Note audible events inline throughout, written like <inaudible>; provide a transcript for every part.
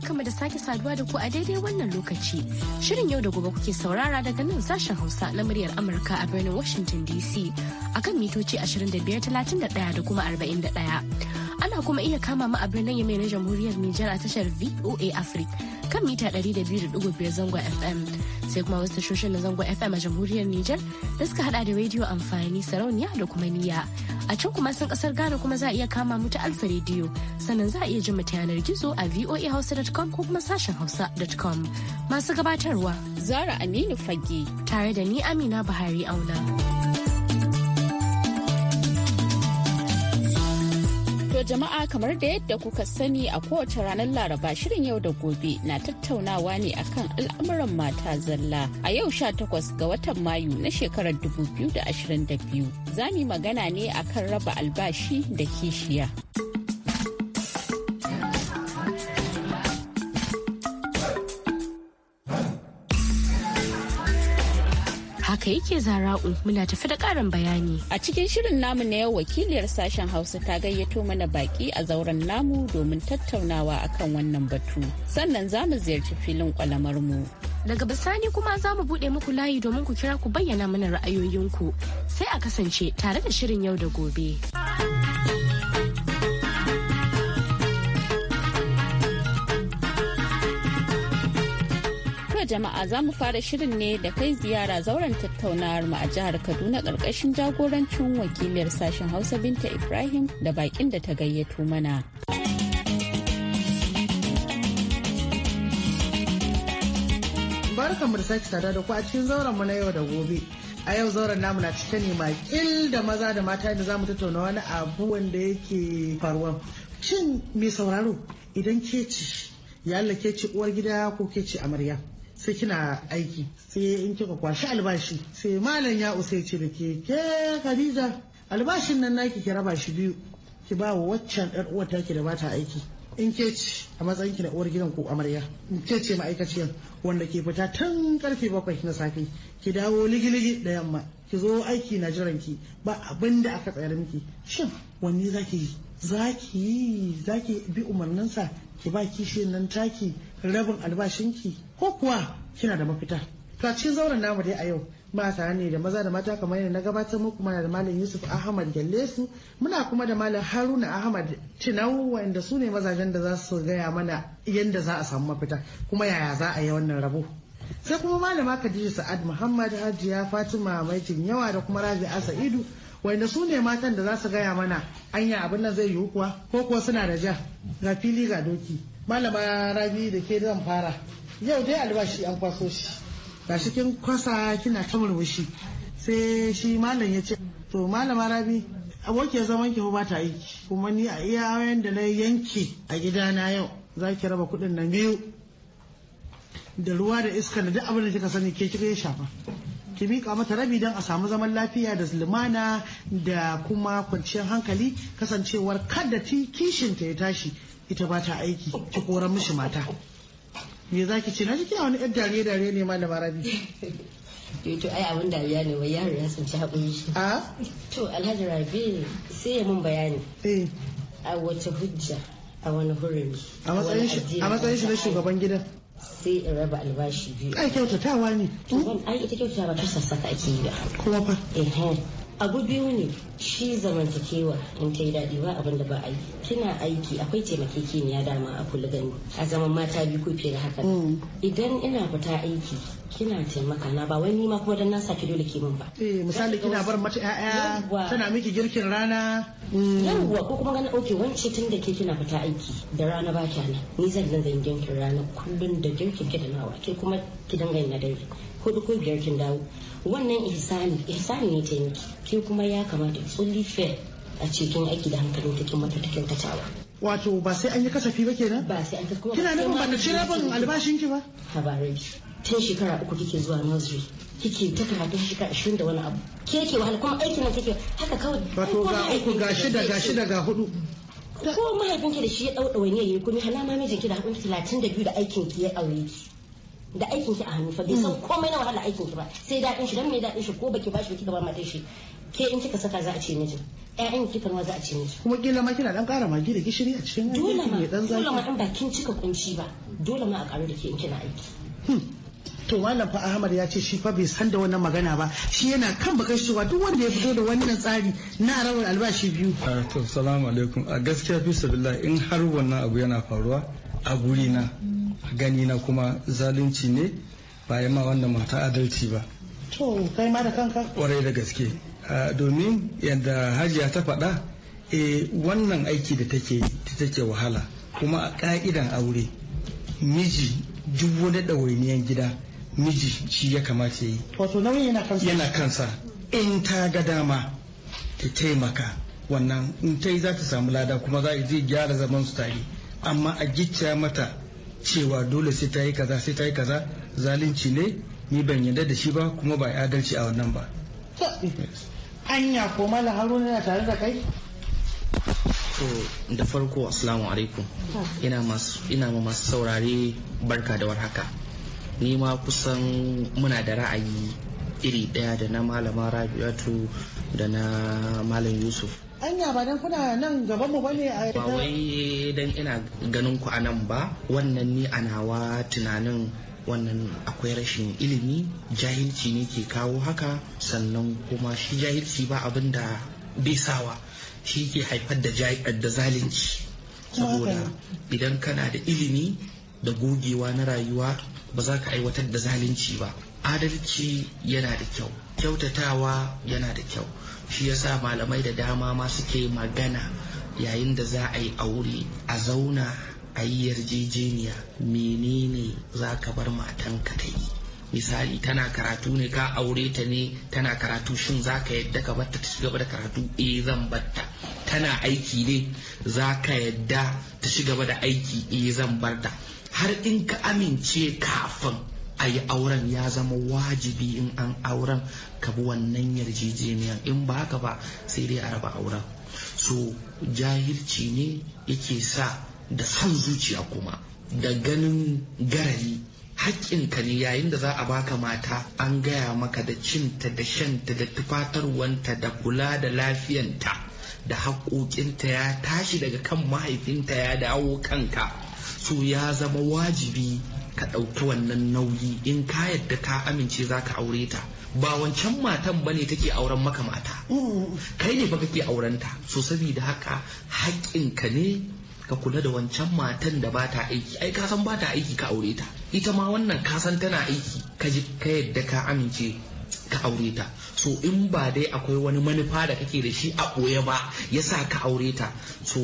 barkamu da sake saduwa da ku a daidai wannan lokaci. Shirin yau da gobe kuke saurara daga nan sashen Hausa na muryar Amurka a birnin Washington DC akan mitoci 2531 da kuma 41. Ana kuma iya kama mu a birnin Yamai na Jamhuriyar Nijar a tashar VOA Africa kan mita 200.5 zangon FM. sai kuma wasu tashoshin na zango FM a jamhuriyar Nijar da suka hada da rediyo amfani sarauniya da kuma niya. A can kuma sun kasar Ghana kuma za a iya kama mu ta alfa rediyo sannan za a iya ji mu ta yanar gizo a voahausa.com ko kuma sashen hausa.com. Masu gabatarwa Zara Aminu Fage tare da ni Amina Buhari Auna. To jama'a kamar da yadda kuka sani a kowace ranar Laraba shirin yau da gobe na tattaunawa ne akan al'amuran mata zalla. A yau sha takwas ga watan Mayu na shekarar da 2022 za mu magana ne akan raba albashi da kishiya. haka yake zara'u muna tafi da karin bayani. A cikin shirin namu na yau wakiliyar sashen Hausa ta gayyato mana baki a zauren namu domin tattaunawa akan wannan batu. Sannan za mu ziyarci filin kwalamar mu. Daga bisani kuma za mu buɗe muku layi domin ku kira ku bayyana mana ra'ayoyinku. Sai a kasance tare da shirin yau da gobe. To jama'a za mu fara shirin ne da kai ziyara zauren tattaunawar mu a jihar Kaduna ƙarƙashin jagorancin wakiliyar sashen Hausa Binta Ibrahim da bakin da ta gayyato mana. Barka da sake sada da ku a cikin zauren mu na yau da gobe. a yau zauren namu na cike ne makil da maza da mata da zamu tattauna wani abu wanda yake faruwa shin mai sauraro idan ke ci ya ke ci uwar gida ko ke ci amarya sai kina aiki sai in kika kwashi albashi sai malam ya usai ce da ke ke Khadija albashin nan naki ki raba shi biyu ki ba wa waccan ɗan uwar taki da bata aiki in ke ci a matsayin ki na uwar gidan ko amarya in ke ce ma'aikaciyar wanda ke fita tun karfe bakwai na safe ki dawo ligiligi da yamma ki zo aiki na jiran ki ba abin da aka tsayar miki shin wanne zaki yi zaki yi zaki bi umarninsa ki ba kishiyar nan taki rabin albashinki ko kuwa kina da mafita to a cikin zauren namu dai a yau ba tare ne da maza da mata kamar yadda na gabatar muku muna da malam yusuf ahmad gallesu muna kuma da malam haruna ahmad tinau wanda su ne mazajen da za su gaya mana yadda za a samu mafita kuma yaya za a yi wannan rabo sai kuma malama khadija sa'ad muhammad hajiya fatima mai maitin yawa da kuma rabi'a sa'idu wanda su ne matan da za su gaya mana anya abin nan zai yiwu kuwa ko kuwa suna da ja ga fili ga doki malama rabi da ke zan fara yau dai albashi an kwaso shi ga cikin kwasa kina ta murmushi sai shi malam ya ce to malama rabi abokiyar zaman ki ba ta aiki kuma ni a iya da na yanke a gidana yau za ki raba kuɗin nan biyu da ruwa da iska da duk abin da kika sani ke kika ya shafa ki miƙa mata rabi don a samu zaman lafiya da lumana da kuma kwanciyar hankali kasancewar kada ti kishinta ya tashi ita ba ta aiki ki koran mishi mata me za ki ce na jiki wani yan dariya dariya ne malam rabi eh, to ai abin dariya ne wai yaro ya ci haƙuri shi a to alhaji rabi sai ya mun bayani eh. a wace hujja a wani hurumi a matsayin shi na shugaban gidan sai in raba albashi biyu ai kyautatawa ne ai ita kyautatawa ba ta sassaka ake yi ba kuma fa abu biyu ne shi zamantakewa in ta yi daɗi ba abin da ba a yi kina aiki akwai taimakekeniya dama a gani a zaman mata biyu ko fiye da haka mm. idan ina fita aiki kina taimaka na ba wai ni ma kuma dan na ki dole ke mun ba eh misali kina bar mata ƴaƴa tana miki girkin rana mm. yawwa ko kuma gani oke wance tun da ke kina fita aiki da rana ba kya nan ni zan dan zan girkin rana kullun da girkin ki da nawa ke kuma ki dinga yin na dare hudu ko biyar kin dawo wannan ihsani ihsani ne taimaki ki kuma ya kamata fully fair a cikin aiki da hankalin cikin mata cikin kacawa wato ba sai an yi kasafi ba kenan ba sai an kuma kina nufin ba na ci rabin albashin ki ba habari tun shekara uku kike zuwa nursery kike ta karatun shekara ashirin da wani abu ke ke wahala kuma aikin nan kike haka kawai wato ga uku ga shida ga shida ga hudu ko mahaifinki da shi ya ɗau wani yayi kuma ma mijinki da haɗin talatin da biyu da aikin ki ya aure ki da aikin ki a hannu fa bai san mm. komai na wahala aikin ki ba sai daɗin shi dan me daɗin shi ko baki bashi baki gaba mata shi ke in kika saka za a ce mijin ƴaƴan ki karma za a ce miji kuma kila ma kina dan ƙara magi da gishiri a cikin dole ma dole ma dan bakin cika kunci ba dole ma a ƙaru da ke in kina aiki hmm. to malam fa ahmad ya ce shi fa bai san da wannan magana ba shi yana kan bakai cewa duk wanda ya fito da wannan tsari na rawar albashi biyu ah, to salamu alaikum a gaskiya fi sabilla in har wannan abu yana faruwa a guri na gani na kuma zalunci ne ba ya ma wannan mata adalci ba to kai ma da kanka kwarai da gaske ah, domin yadda hajiya ta faɗa e wannan aiki da take take wahala kuma a ka'idan aure miji duk wani ɗawainiyan gida miji shi ya kamata yi wato nauyin yana kansa yana kansa in ta ga dama ta taimaka wannan in ta yi za ta samu lada kuma za a zai gyara zaman su tare amma a gicciya mata cewa dole sai ta yi kaza sai ta yi kaza zalunci ne ni ban yarda da shi ba kuma ba adalci a wannan ba anya ko mala haruna yana tare da kai to da farko assalamu alaikum ina ma masu saurare barka da warhaka ni ma kusan muna da ra'ayi iri ɗaya da na malama rabiatu da na malam yusuf anya ba dan kuna nan gaban mu bane a ba wai dan ina ganin ku a nan ba wannan ni a nawa tunanin wannan akwai rashin ilimi jahilci ne ke kawo haka sannan kuma shi jahilci ba abin da bai sawa shi ke haifar da zalunci saboda idan kana da ilimi da gogewa na rayuwa ba za ka aiwatar da zalunci ba adalci yana da kyau kyautatawa yana da kyau shi yasa malamai da dama ma suke magana yayin da za a yi aure a zauna a yi yarjejeniya menene za ka bar matanka ta yi misali tana karatu ne ka aure ta ne tana karatu shin za ka yadda ka batta ta shiga da karatu eh zan batta tana aiki ne za ka yadda ta shiga da aiki eh zan barta har in ka amince kafin a yi auren ya zama wajibi in an auren ka bi wannan yarjejeniyar in ba haka ba sai dai a raba auren so jahilci ne yake sa da son zuciya kuma da ganin garari ka ne yayin da za a baka mata an gaya maka da cinta da shanta da tufatarwanta da kula da lafiyanta da haƙoƙinta ya tashi daga kan mahaifinta ya dawo kanka so ya zama wajibi ka ɗauki wannan nauyi in ka yadda ka amince za ka aure ta ba wancan matan bane take auren maka mata kai ne fa kake auren ta so saboda haka haƙƙinka ne ka kula da wancan matan da ba ta aiki ai ka san ba ta aiki ka aure ta ita ma wannan ka san tana aiki ka ji ka yadda ka amince ka aure ta so in ba dai akwai wani manufa da kake da shi a ɓoye ba yasa ka aure ta so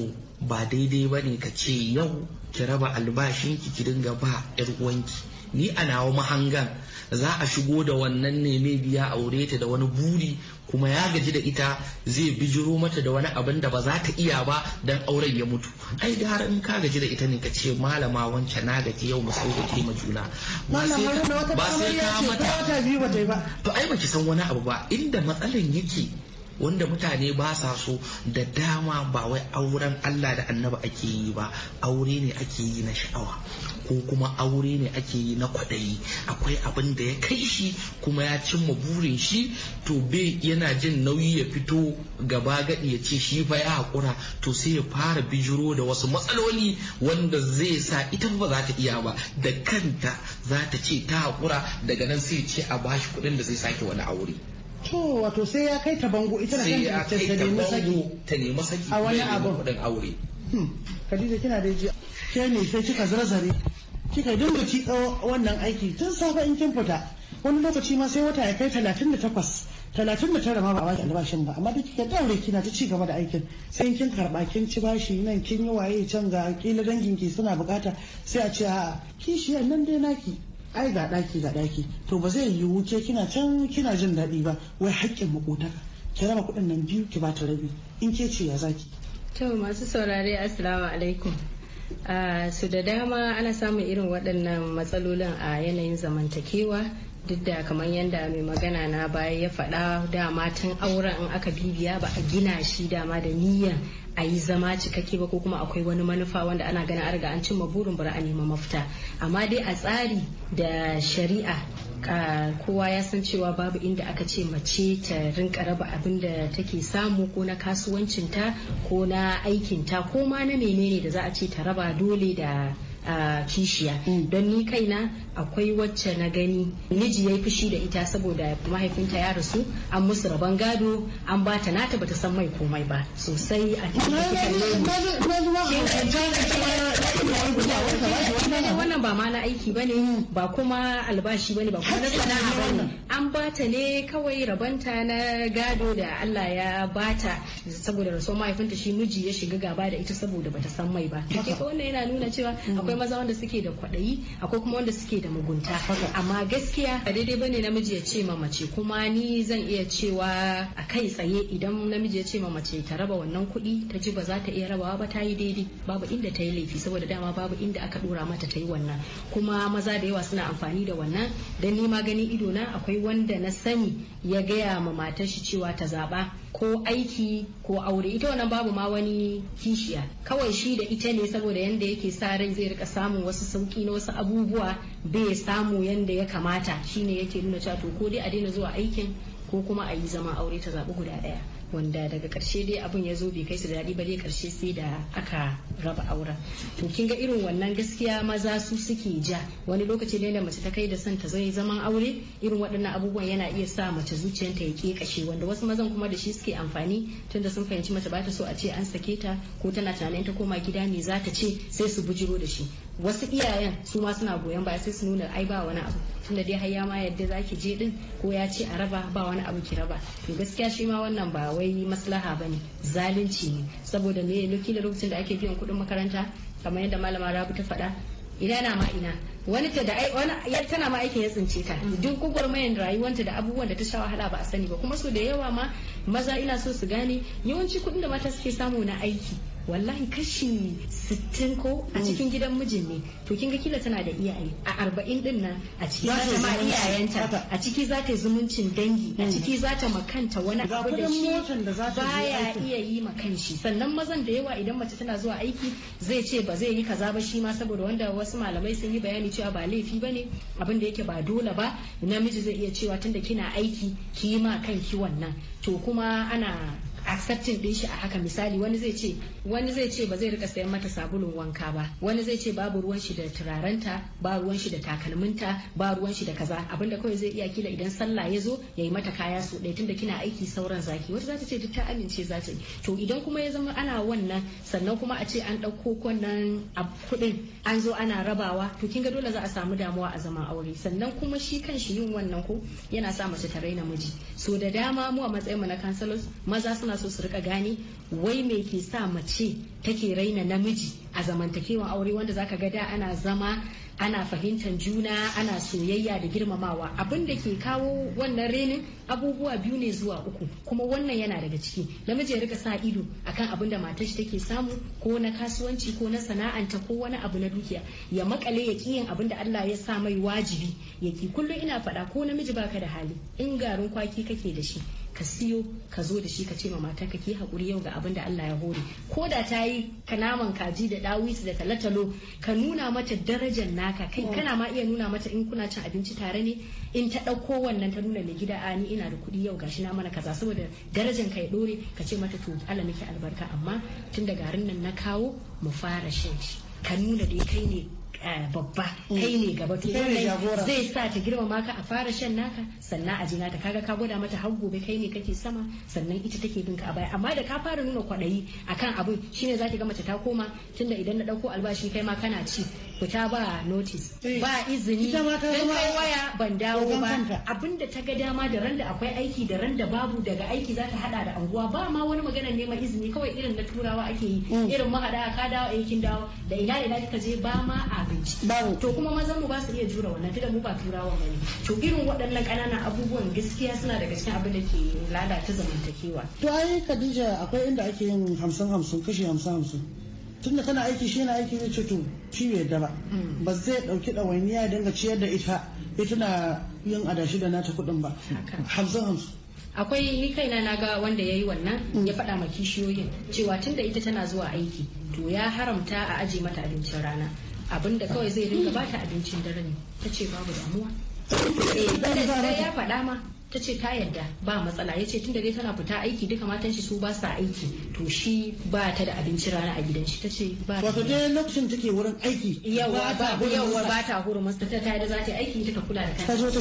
ba daidai ba ne ka ce yau ki raba albashinki ki dinga ba 'yar uwanki ni a nawa mahangan za a shigo da wannan ne mai biya aure ta da wani buri kuma ya gaji da ita zai bijiro mata da wani abin da ba za ta iya ba don auren ya mutu ai gara in ka gaji da ita ne ka ce malama wancan na gaji yau musu da ke juna ba sai ka mata ba ai ki san wani abu ba inda matsalan yake wanda mutane ba sa so da dama ba wai auren Allah da annaba ake yi ba aure ne ake yi na sha'awa ko kuma aure ne ake yi na kwaɗayi akwai abin da ya kai shi kuma ya cimma burin shi to bai yana jin nauyi ya fito gaba gaɗi ya ce shi fa ya haƙura to sai ya fara bijiro da wasu matsaloli wanda zai sa ita ba za ta iya ba da kanta za ta ce ta haƙura daga nan sai ce a bashi kuɗin da zai sake wani aure. to wato sai ya kai ta bango ita da kanta ta nemi saki ta nemi saki a wani abu kudin aure hmm. Khadija kina da ji ke sai kika zarzare kika dinga ci oh, wannan aiki tun safe in kin fita wani lokaci ma sai wata ya kai 38 talatin tara ma ba a albashin ba amma duk da daure kina ta ci gaba da aikin sai kin karba kin ci bashi nan kin yi waye can ga kila dangin ki suna bukata sai a ce a kishiyar nan dai naki ai ga daki ga daki to ba zai yiwu ke kina can kina jin daɗi ba wai haƙƙin makotaka ki raba kuɗin nan biyu ki bata rabi in ke ce ya zaki to masu saurare assalamu alaikum ah, su da dama ana samun irin waɗannan matsalolin a yanayin zamantakewa duk da kamar yadda mai magana na baya ya faɗa dama tun auren in aka bibiya ba a gina shi dama da niyyar a yi zama cikakke ba ko kuma akwai wani manufa wanda ana ganin arga an cimma burin bura a nema mafita amma dai a tsari da shari'a kowa ya san cewa babu inda aka ce mace ta rinka raba abin da take samu ko na kasuwancinta ko na aikinta ko ma na menene da za a ce ta raba dole da kishiya mm. don ni kaina akwai wacce na gani miji ya yi fushi da ita saboda mahaifinta ya rasu an musu rabon gado an ba ta nata bata san mai komai ba sosai a wannan ba ma na aiki ba ne mm. ba kuma albashi ba ne ba kuma na sana'a ba ne an ba ta ne kawai rabanta na gado da Allah ya bata saboda rasuwar mahaifinta shi miji ya shiga gaba da ita saboda bata san mai ba. Wannan yana nuna cewa mm. akwai akwai maza wanda suke da kwaɗayi akwai kuma wanda suke da mugunta amma gaskiya a daidai bane namiji ya ce ma mace kuma ni zan iya cewa a kai tsaye idan namiji ya ce ma mace ta raba wannan kuɗi ta ji ba za ta iya rabawa ba ta yi daidai babu inda ta yi laifi saboda dama babu inda aka dora mata ta yi wannan kuma maza da yawa suna amfani da wannan dan ni ma gani ido na akwai wanda na sani ya gaya ma matar shi cewa ta zaba ko aiki ko aure ita wannan babu ma wani kishiya kawai shi da ita ne saboda yanda yake sa ran zai rika samun wasu sauki na wasu abubuwa bai samu yanda ya kamata shine yake nuna cewa to ko dai a daina zuwa aikin ko kuma a yi zama aure ta zaɓi guda ɗaya wanda daga karshe dai abin ya zo bai kai su daɗi ba dai karshe sai da aka raba auren to kin ga irin wannan gaskiya maza su suke ja wani lokaci ne da mace ta kai da son ta zai zaman aure irin waɗannan abubuwan yana iya sa mace zuciyarta ya kashe wanda wasu mazan kuma da shi suke amfani tunda sun fahimci mace ba ta so a ce an sake ta ko tana tunanin ta koma gida ne za ta ce sai su bujiro da shi wasu iyayen su ma suna goyon baya sai su nuna ai ba wani abu tunda dai har ya ma yadda zaki je din ko ya ce a raba ba wani abu ki raba to gaskiya shi ma wannan ba wai maslaha bane zalunci ne saboda me lokaci da lokacin da ake biyan kuɗin makaranta kamar yadda malama Rabi ta faɗa ina na ma ina wani ta da wani tana ma aikin ya tsince ta duk gwagwarmayar rayuwanta da abubuwan da ta sha wahala ba a sani ba kuma so da yawa ma maza ina so su gane yawanci kuɗin da mata suke samu na aiki wallahi kashi sittin ko a mm. cikin gidan mijin ne to kin ga kila tana da iyaye a arba'in din nan a ciki za ta ma iyayenta a ciki za ta zumuncin dangi a mm. ciki za ta makanta wani abu da shi baya iya yi makan shi sannan mazan da yawa idan mace tana zuwa aiki zai ce ba zai yi kaza ba shi ma saboda wanda wasu malamai sun yi bayani cewa ba laifi bane abin da yake ba dole ba namiji zai iya cewa tunda kina aiki ki yi ma kanki wannan to kuma ana accepting din shi a haka misali wani zai ce wani zai ce ba zai rika sayan mata sabulun wanka ba wani zai ce babu ruwan shi da turarenta ba ruwan shi da takalminta ba ruwan shi da kaza abinda kawai zai iya kila idan sallah ya zo ya yi mata kaya su ɗaya tunda kina aiki sauran zaki wata zata ce duk ta amince za ta to idan kuma ya zama ana wannan sannan kuma a ce an ɗauko kwanan kuɗin an zo ana rabawa to kin ga dole za a samu damuwa a zaman aure sannan kuma shi kan shi yin wannan ko yana sa mace ta raina miji so da dama mu a matsayin mu na kansalos maza suna suna so su rika gane wai me ke sa mace take raina namiji a zamantakewan aure wanda zaka ga da ana zama ana fahimtar juna ana soyayya da girmamawa abin da ke kawo wannan renin abubuwa biyu ne zuwa uku kuma wannan yana daga ciki namiji ya rika sa ido akan abin da matar shi take samu ko na kasuwanci ko na sana'anta ko wani abu na dukiya ya makale ya ki yin abin da Allah ya sa mai wajibi ya kullum ina faɗa ko namiji baka da hali in garin kwaki kake da shi ka siyo ka zo da shi ka ce ma mata ka ki hakuri yau ga abin da Allah ya hore ko da ta yi ka naman kaji da dawisu da talatalo ka nuna mata darajar naka kai kana ma iya nuna mata in kuna cin abinci tare ne in ta ɗauko wannan ta nuna mai gida ani ina da kuɗi yau gashi na mana kaza saboda darajar ka ya ɗore ka ce mata to Allah miki albarka amma tun da garin nan na kawo mu fara shan shi ka nuna dai kai ne Eh, babba mm. kai ne gaba to zai sa ta girmama ka a fara shan naka sannan a jinata kaga ka gwada mata har gobe kai ne kake sama sannan ita take bin ka a baya amma da ka fara nuna kwaɗayi akan abin shine zaki ga mace ta koma tunda idan na ɗauko albashi kai ma kana ci fita ba notice eh, ba izini dan kai waya ban dawo ba abinda ta ga dama da randa akwai aiki da randa babu daga aiki za ta hada da anguwa ba ma wani magana neman izini kawai irin na turawa ake yi mm. irin mahada ka dawo aikin eh, dawo da ina ina kika je ba ma abinci to kuma mazan mu ba su iya jura wannan tunda mu ba turawa bane to irin waɗannan ƙananan abubuwan gaskiya suna daga cikin abin da ke lalata zamantakewa to ai Khadija akwai inda ake yin hamsin hamsin kashi hamsin hamsin tunda tana aiki shi yana aiki zai ce to shi bai yadda ba hmm. ba zai dauki ɗawainiya dinga ciyar da ita ita na yin adashi da nata kudin ba hamsin hamsin akwai ni kaina na ga wanda ya yi wannan hmm. ya faɗa ma kishiyoyin cewa tunda ita tana zuwa aiki to ya haramta a aje mata abincin rana abinda kawai zai dinga bata abincin dare ne ta ce babu damuwa eh ya faɗa ma ta ce ta yarda ba matsala ya ce tunda dai tana fita aiki duka matan shi su ba sa aiki to shi ba ta da abinci rana a gidan shi ta ce ba wato dai lokacin take wurin aiki yawa ba ta huru masa ta yarda za ta yi aiki duka kula da kanta ta zo ta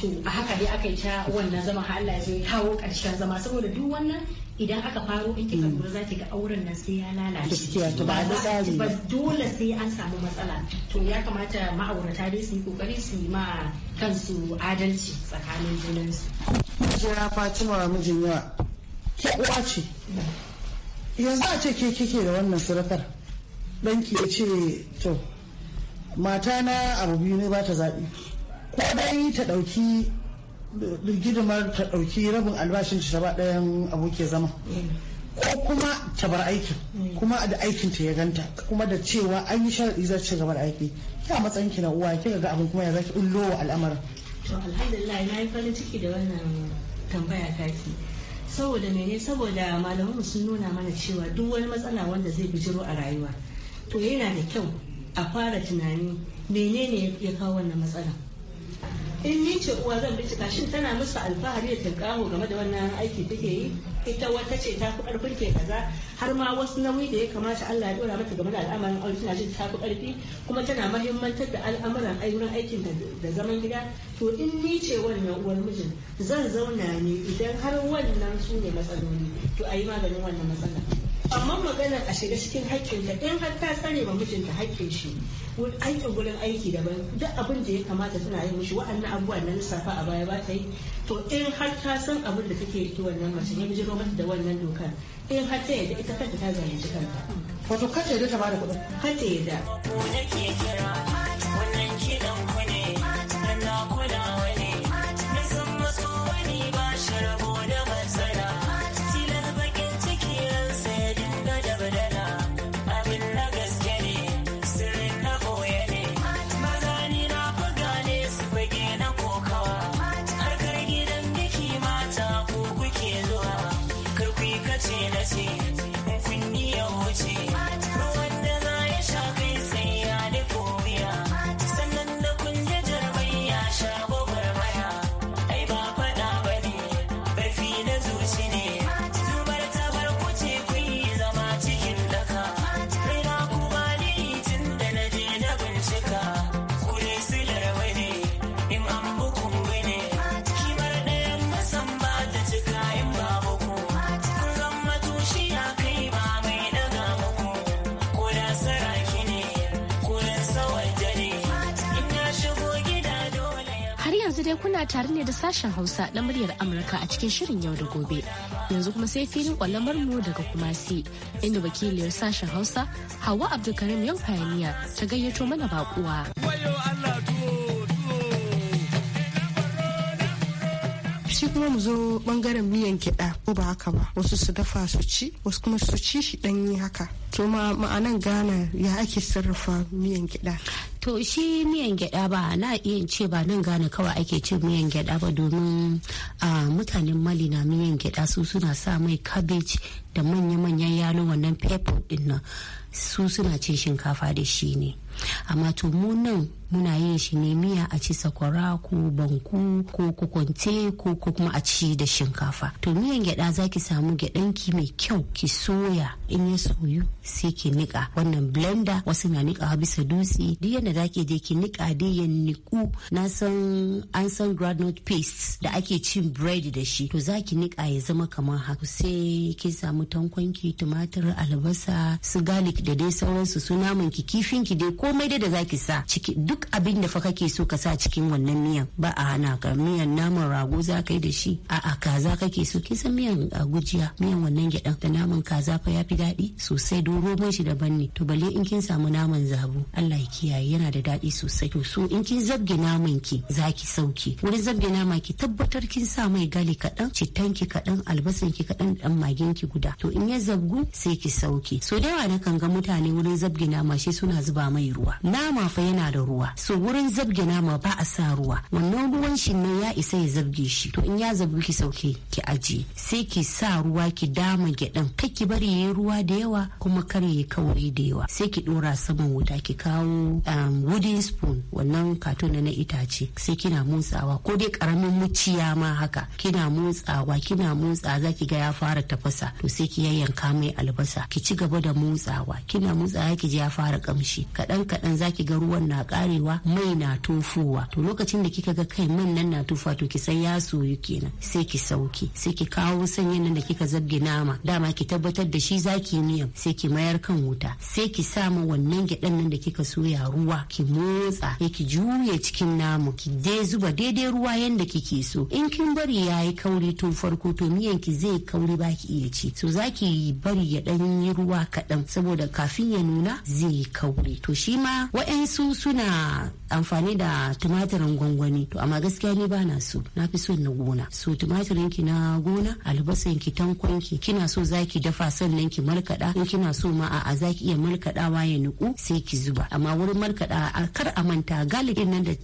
to a haka dai aka yi ta wannan zama har Allah ya zai ya kawo karshen zama saboda duk wannan idan aka faro ake kaduna za ki ga auren nan sai ya lalace ba dole sai an samu matsala to ya kamata ma'aurata dai su yi kokari su yi ma kansu adalci tsakanin junansu jira fatima mijin ya ke uwa ce yanzu a ce ke kike da wannan surakar dan ya ce to mata na abu biyu ne ba ta zaɓi ko dai ta ɗauki gidimar ta ɗauki rabin albashin ta ba ɗayan abokin zama ko kuma ta bar aikin kuma da aikin ta ya ganta kuma da cewa an yi sharaɗi za ci gaba da aiki ya matsayin ki na uwa kika ga abin kuma ya zaki ullo wa al'amarin to alhamdulillah na yi farin ciki da wannan tambaya kaki saboda mene saboda malamanmu sun nuna mana cewa duk wani matsala wanda zai bijiro a rayuwa to yana da kyau a fara tunani menene ya kawo wannan matsalan in yi ce uwa zan bincika shin tana musu alfahari da kawo game da wannan aiki take yi ita wata ce ta fi karfin ke kaza har ma wasu nauyi da ya kamata Allah ya dora mata game da al'amarin aure tana jin ta fi karfi kuma tana mahimmantar da al'amuran ayyukan aikin da zaman gida to in ni ce wannan uwar mijin zan zauna ne idan har wannan su ne matsaloli to a yi maganin wannan matsalar amma maganar a shiga cikin ta in har ta tsare ma mijinta haƙƙin shi aikin gurin aiki daban duk abin da ya kamata tana yi mishi wa'annan abubuwan na lissafa a baya ba ta yi to in har ta san abin da take yi wannan mace ya bijiro mata da wannan dokar in har ta yadda ita kanta ta zalunci kanta wato kanta yadda ta bada kuɗin kanta yadda dai kuna tare ne da sashen Hausa na muryar Amurka a cikin shirin yau da gobe. Yanzu kuma sai filin kwalamar mu daga Kumasi, inda wakiliyar sashen Hausa Hawa Abdulkarim yau fayaniya ta gayyato mana bakuwa. shi kuma mu zo bangaren miyan kiɗa ko ba haka ba wasu su dafa su ci wasu kuma su ci shi ɗanyi haka to ma ma'anan gana ya ake sarrafa miyan kiɗa to shi miyan gyada ba na iya ce ba nan gane kawai ake cin miyan gyada ba domin mutanen mali na miyan gyada su suna sa mai cabbage da manya-manyan yalo wannan pepper din nan su suna cin shinkafa da shi ne amma to mu nan muna yin shi ne miya a ci sakwara ko banku ko kukunte ko kuma a ci da shinkafa to miyan gyada zaki samu ki mai kyau ki soya in ya soyu sai ki nika wannan blender wasu na nika bisa dutse duk yadda zaki je ki nika dai ya niku na san an san granite paste da ake cin bread da shi to zaki nika ya zama kamar haka sai ki samu tankonki tumatir albasa su garlic da dai sauransu su naman ki kifin ki dai ko komai dai da zaki sa ciki duk abin da fa kake so ka sa cikin wannan miyan ba a hana ka miyan naman rago za ka yi da shi a'a kaza kake so kin san miyan ah, gujiya miyan wannan gyaɗan da naman kaza fa yafi daɗi sosai don roman shi daban ne to balle in kin samu naman zabu Allah ya kiyaye yana da daɗi sosai to so in kin zabge naman ki zaki sauki wurin zabge nama ki tabbatar kin sa mai gali kaɗan cittan ki kaɗan albasan ki kaɗan dan magen ki guda to in ya zabgu sai ki sauki so da yawa nakan ga mutane wurin zabge nama shi suna zuba mai ruwa nama fa yana da ruwa so wurin zabge nama ba a sa ruwa wannan ruwan shi ne ya isa ya zabge shi to in ya zabge ki sauke ki aje sai ki sa ruwa ki dama gyaɗan kai ki bari yayi ruwa da yawa kuma kar yayi kauri da yawa sai ki dora saman wuta ki kawo um, wooden spoon wannan katon na itace sai kina motsawa ko dai karamin muciya ma haka kina motsawa kina motsa za ki ga ya fara tafasa to sai ki yayyanka mai albasa ki ci gaba da motsawa kina motsawa ki ji ya fara kamshi kaɗan kaɗan zaki ga ruwan na karewa mai na tofowa to lokacin da kika ga kai man nan na tofa to ki sai ya soyu kenan sai ki sauki sai ki kawo sanyin nan da kika zabge nama dama ki tabbatar da shi zaki miyan sai ki mayar kan wuta sai ki sa ma wannan gyaɗan nan da kika soya ruwa ki motsa ya ki juye cikin namu ki dai zuba daidai ruwa yanda kike so in kin bari yayi kauri tun farko to miyan ki zai kauri baki iya ci so zaki bari ya dan yi ruwa kaɗan saboda kafin ya nuna zai yi kauri to shi ma wa'yansu suna amfani da tumatirin gwangwani to amma gaskiya ni ba na so na fi son na gona so tumatirin ki na gona albasan ki tankon kina so zaki dafa sannan ki markada in kina so ma a zaki iya markadawa ya nuku sai ki zuba amma wurin markada a kar a manta galik nan da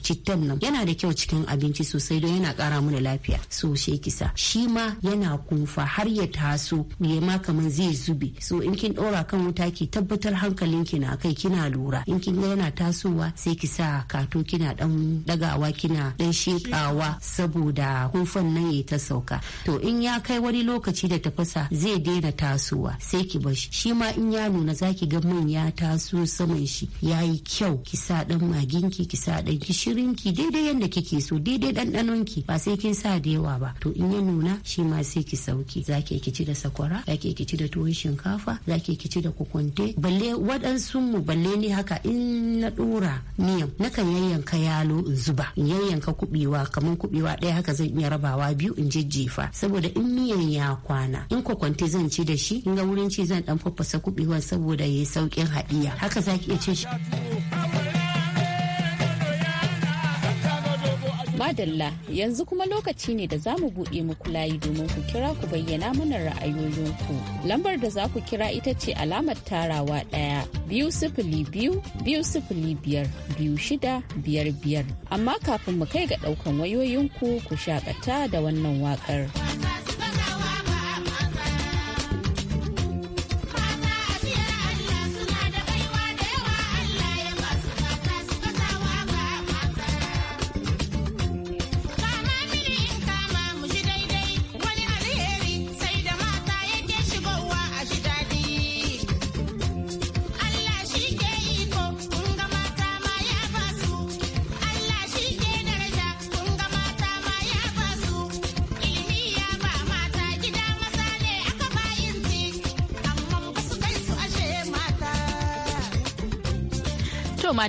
cittan nan yana da kyau cikin abinci sosai don yana kara mana lafiya so she kisa shi ma yana kunfa har ya taso ya ma kaman zai zube so in kin dora kan wuta ki tabbatar hankalinki na kai kina lura in kin ga yana tasowa sai ki sa kato kina dan dagawa kina dan shekawa saboda kufan nan ya ta sauka to in ya kai wani lokaci da tafasa zai daina tasowa sai ki bar shi shi ma in ya nuna zaki ga man ya taso saman shi yayi kyau ki sa dan maginki ki sa dan ki daidai yanda kike so daidai dandanon ki ba sai kin sa da yawa ba to in ya nuna shi ma sai ki sauki zaki ki ci da sakwara zaki ki ci da tuwon shinkafa zaki ki ci da kukunte balle waɗansu mu balle ni haka in na dora miyan nakan yayyanka yalo in zuba in yayyanka kubewa kamar kubewa ɗaya haka zan iya rabawa biyu in jejjefa saboda in miyan ya kwana in kwakwante zan ci da shi in ga wurin ci zan dan faffasa kubewa saboda ya sauƙin haɗiya haka zaki iya ce shi Madalla yanzu kuma lokaci ne da za mu buɗe muku layi domin ku kira ku bayyana mana ra'ayoyinku. Lambar da za ku kira ita ce alamar tarawa ɗaya biyu sifili biyu biyu sifili biyar biyu shida biyar biyar. Amma kafin mu kai ga ɗaukan wayoyinku ku shakata da wannan waƙar.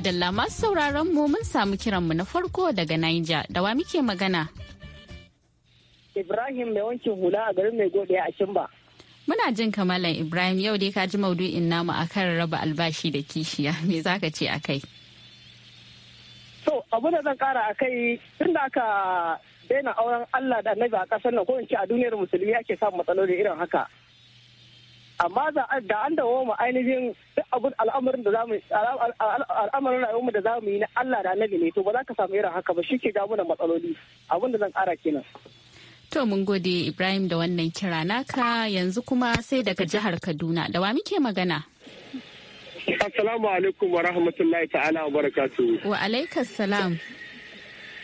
jalla masu sauraron mu mun samu mu na farko daga Niger da wa muke magana. Ibrahim mai wankin hula a garin mai gode a Kimba. Muna jin kamalan Ibrahim yau dai ka ji maudu'in namu a kan raba albashi da kishiya <laughs> me za ka ce akai? So abu da zan kara kai tun da aka daina auren Allah da annabi a kasar nan ko in ce a duniyar musulmi ake samun matsaloli irin haka. amma da an dawo mu ainihin abin al'amarin da zamu al'amarin rayuwarmu da zamu yi na Allah da Annabi ne to ba za ka samu irin haka ba shi ke mu na matsaloli abin da zan kara kenan To mun gode Ibrahim da wannan kira naka yanzu kuma sai daga jihar Kaduna da wa muke magana? Assalamu alaikum wa rahmatullahi ta'ala wa barakatu. Wa alaikas salam.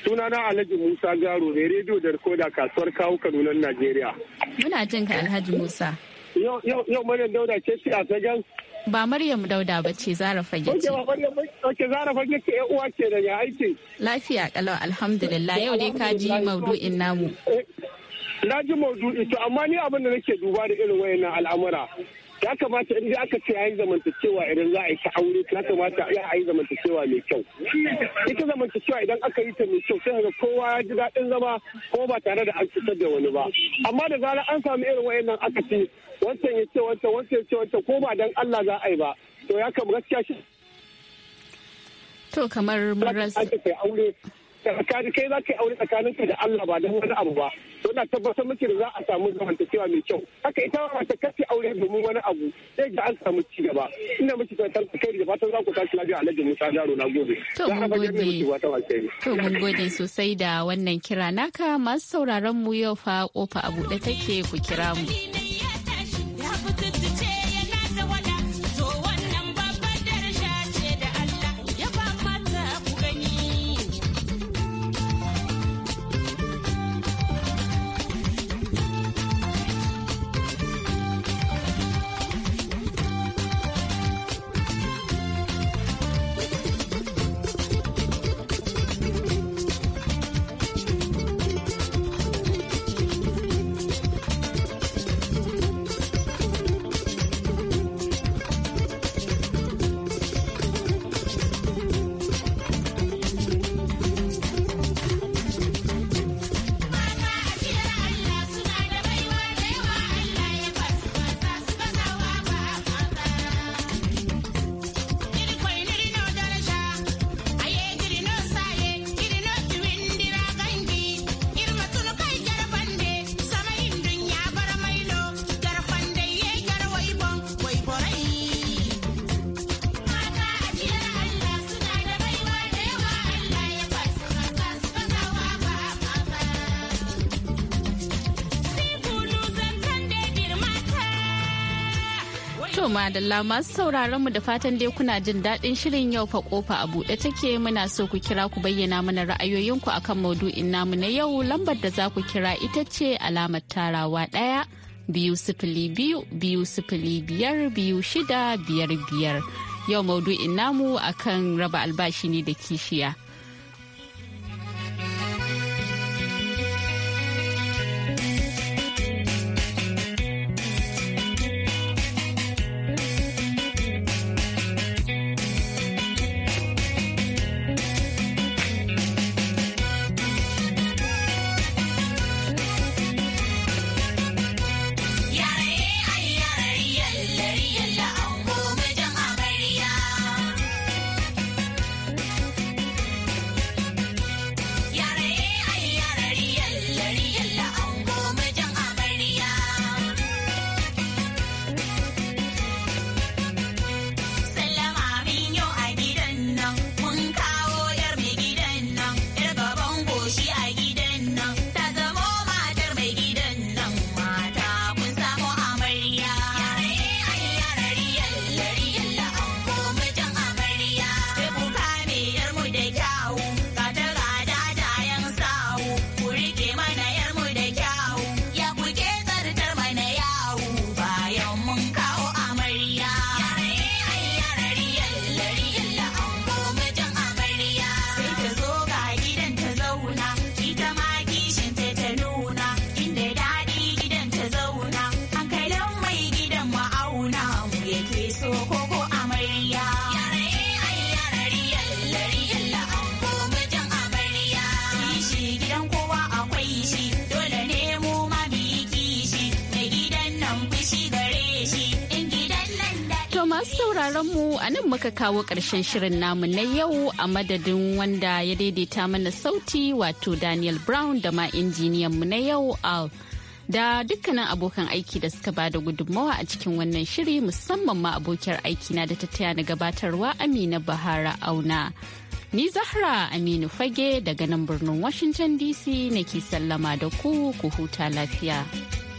Sunana Alhaji Musa Garo ne rediyo da rikoda kasuwar kawo Kaduna Najeriya. Muna jin ka Alhaji Musa. Yau Maryam Dauda ce ce a fagen? Ba Maryam Dauda ba ce Zara Fage ce. Oke Zara Fage ce ya uwa ce da ya aiki. Lafiya kalau alhamdulillah yau dai ka ji maudu'in namu. Eh, na ji maudu'i to amma ni abin da nake duba da irin wayannan al'amura. ya kamata in aka ce ya yi zamantakewa idan za a yi ta aure ya kamata ya yi zamantakewa mai kyau ita zamantakewa idan aka yi ta mai kyau sai ga kowa ya ji daɗin zama ko ba tare da an cutar da wani ba amma da zarar an samu irin wayannan aka ce wancan ya ce wancan wancan ya ce wancan ko ba dan Allah za a yi ba to ya kamata shi to kamar mun rasa tsakanin kai za ka yi aure tsakanin ka da Allah ba don wani abu ba to na tabbatar miki da za a samu zamantakewa mai kyau haka ita ma ta kace aure domin wani abu sai ga an samu ci gaba ina miki ta kai da fatan za ku tashi lafiya Alhaji Musa Jaro na gobe to mun gode to mun gode sosai da wannan kira naka masu sauraron mu yau fa kofa abu buɗe take ku kira mu yau madalla masu sauraron mu da fatan dai kuna jin daɗin shirin yau fa kofa a buɗe take muna so ku kira ku bayyana mana ra'ayoyinku akan maudu'in namu na yau lambar da za ku kira ita ce alamar tarawa ɗaya biyu sifili biyu biyu sifili biyar biyu shida biyar biyar. Yau maudu'in namu akan raba albashi ne da kishiya. sauraron mu a nan muka kawo ƙarshen shirin namu na yau a madadin wanda ya daidaita mana sauti wato Daniel Brown da ma injiniyan mu na yau Al. Da dukkanin abokan aiki da suka bada gudunmawa a cikin wannan shiri musamman ma abokiyar aikina da ta taya na gabatarwa Amina Bahara Auna. Ni Zahra Aminu Fage daga nan birnin Washington DC nake sallama da ku ku huta lafiya.